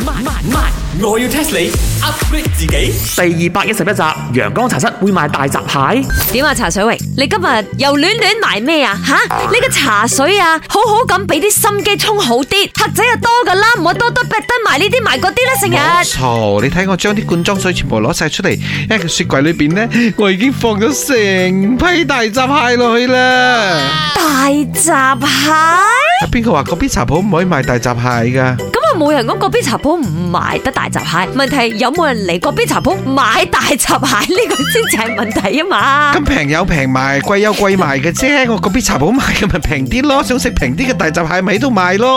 賣賣賣！我要 test 你 upgrade 自己。第二百一十一集，陽光茶室會賣大閘蟹。點啊，茶水榮，你今日又亂亂賣咩啊？吓，呢個茶水啊，好好咁俾啲心機沖好啲，客仔又多噶啦，唔好多多逼得埋呢啲埋嗰啲啦成日。嘈，你睇我將啲罐裝水全部攞晒出嚟，因為個雪櫃裏邊咧，我已經放咗成批大閘蟹落去啦。大閘蟹？邊個話嗰邊茶鋪唔可以賣大閘蟹噶？冇人講嗰邊茶鋪唔賣得大閘蟹，問題有冇人嚟嗰邊茶鋪買大閘蟹呢個先至係問題啊嘛！咁平有平賣，貴有貴賣嘅啫。我嗰邊茶鋪賣咁咪平啲咯，想食平啲嘅大閘蟹咪喺度賣咯。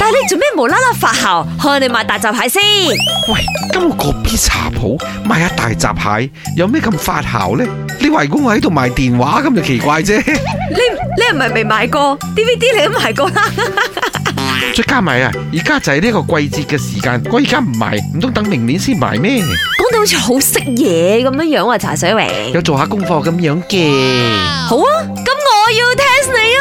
但係你做咩無啦啦發姣？看我哋賣大閘蟹先。喂，咁我嗰邊茶鋪賣一大閘蟹，有咩咁發姣咧？你話如果我喺度賣電話咁就奇怪啫。你你唔係未買過 DVD，你都買過啦。再加埋啊！而家就係呢個季節嘅時間，我而家唔賣，唔通等明年先賣咩？講到好似好識嘢咁樣樣啊！茶水明，有做下功課咁樣嘅。好啊，咁我要 test 你啊！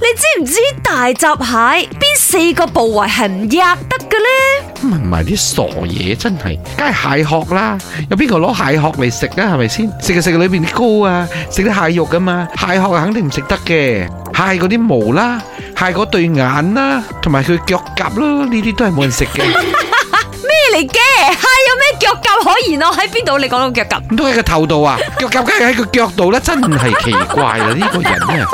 你知唔知大閘蟹邊四個部位係唔食得嘅咧？唔係啲傻嘢真係，梗係蟹殼啦！有邊個攞蟹殼嚟食啊？係咪先？食就食裏邊啲膏啊，食啲蟹肉噶嘛，蟹殼啊肯定唔食得嘅。係嗰啲毛啦，係嗰對眼啦，同埋佢腳甲咯，呢啲都係冇人食嘅。咩嚟嘅？係。腳夾可言咯，喺邊度？你講到腳夾，都喺個頭度啊！腳夾梗係喺個腳度咧，真係奇怪啦！呢個人啊，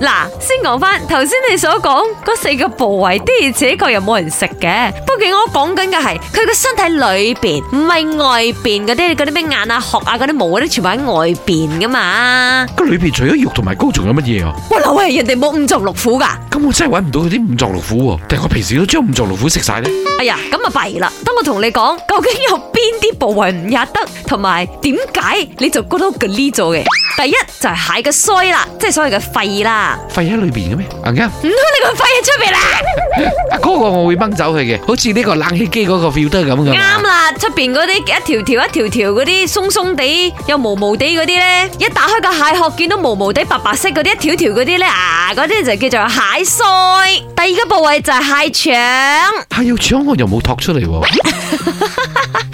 嗱，先講翻頭先你所講嗰四個部位，的而且確又冇人食嘅。不過我講緊嘅係佢個身體裏邊，唔係外邊嗰啲嗰啲咩眼啊、殼啊、嗰啲毛嗰啲，全部喺外邊噶嘛。個裏邊除咗肉同埋膏，仲有乜嘢啊？喂，喂，人哋冇五臟六腑噶。咁我真係搵唔到佢啲五臟六腑喎。定係我平時都將五臟六腑食晒咧。哎呀，咁啊弊啦，等我同你講，究竟有？邊啲部位唔吔得，同埋點解你就覺得 g e 咗嘅？第一就係、是、蟹嘅腮啦，即係所謂嘅肺啦。肺喺裏邊嘅咩？唔、嗯、通、嗯、你個肺、 啊那個肺喺出邊啦？阿哥我會掹走佢嘅，好似呢個冷氣機嗰個 filter 咁嘅。啱啦、嗯，出邊嗰啲一條條一條條嗰啲鬆鬆地又毛毛地嗰啲咧，一打開個蟹殼見到毛毛地白白色嗰啲一條條嗰啲咧啊，嗰啲就叫做蟹腮。第二個部位就係蟹腸。蟹要腸我又冇托出嚟。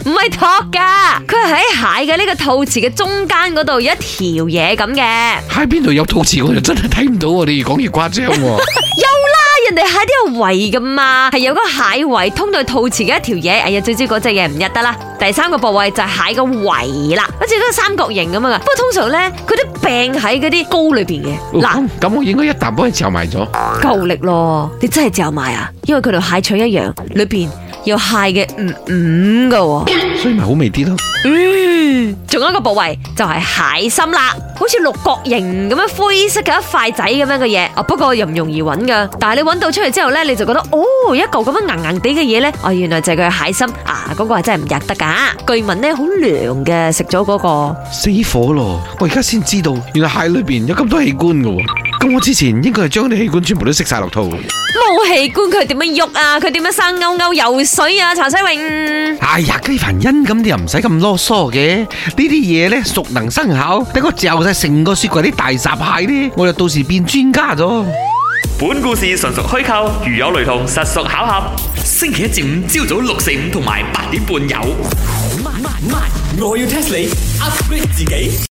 唔係、啊、托噶，佢係喺蟹嘅呢個肚臍嘅中間嗰度有一條嘢咁嘅。喺邊度有肚臍我就真係睇唔到，你越講越誇張。有啦，人哋蟹都有胃噶嘛，係有個蟹胃通到肚臍嘅一條嘢。哎呀，最知嗰隻嘢唔入得啦。第三個部位就係蟹個胃啦，好似都係三角形咁啊。不過通常咧，佢都病喺嗰啲膏裏邊嘅。嗱、哦，咁喇、嗯、我應該一啖幫你嚼埋咗。夠力咯，你真係嚼埋啊？因為佢同蟹腸一樣，裏邊。要蟹嘅五五噶，所以咪好味啲咯。嗯，仲有一個部位就係蟹心啦，好似六角形咁樣灰色嘅一塊仔咁樣嘅嘢。啊，不過又唔容易揾噶。但係你揾到出嚟之後咧，你就覺得哦，一嚿咁樣硬硬哋嘅嘢咧，啊，原來就係佢蟹心啊。嗰個係真係唔食得噶。據聞咧，好涼嘅，食咗嗰個死火咯。我而家先知道，原來蟹裏邊有咁多器官噶喎。我之前應該係將啲器官全部都食晒落肚，冇器官佢點樣喐啊？佢點樣生勾勾游水啊？查西泳，哎呀，雞凡因，咁你又唔使咁囉嗦嘅，呢啲嘢咧熟能生巧，等我嚼晒成個雪櫃啲大閘蟹咧，我就到時變專家咗。本故事純屬虛構，如有雷同，實屬巧合。星期一至五朝早六四五同埋八點半有。我要 test 你，upgrade 自己。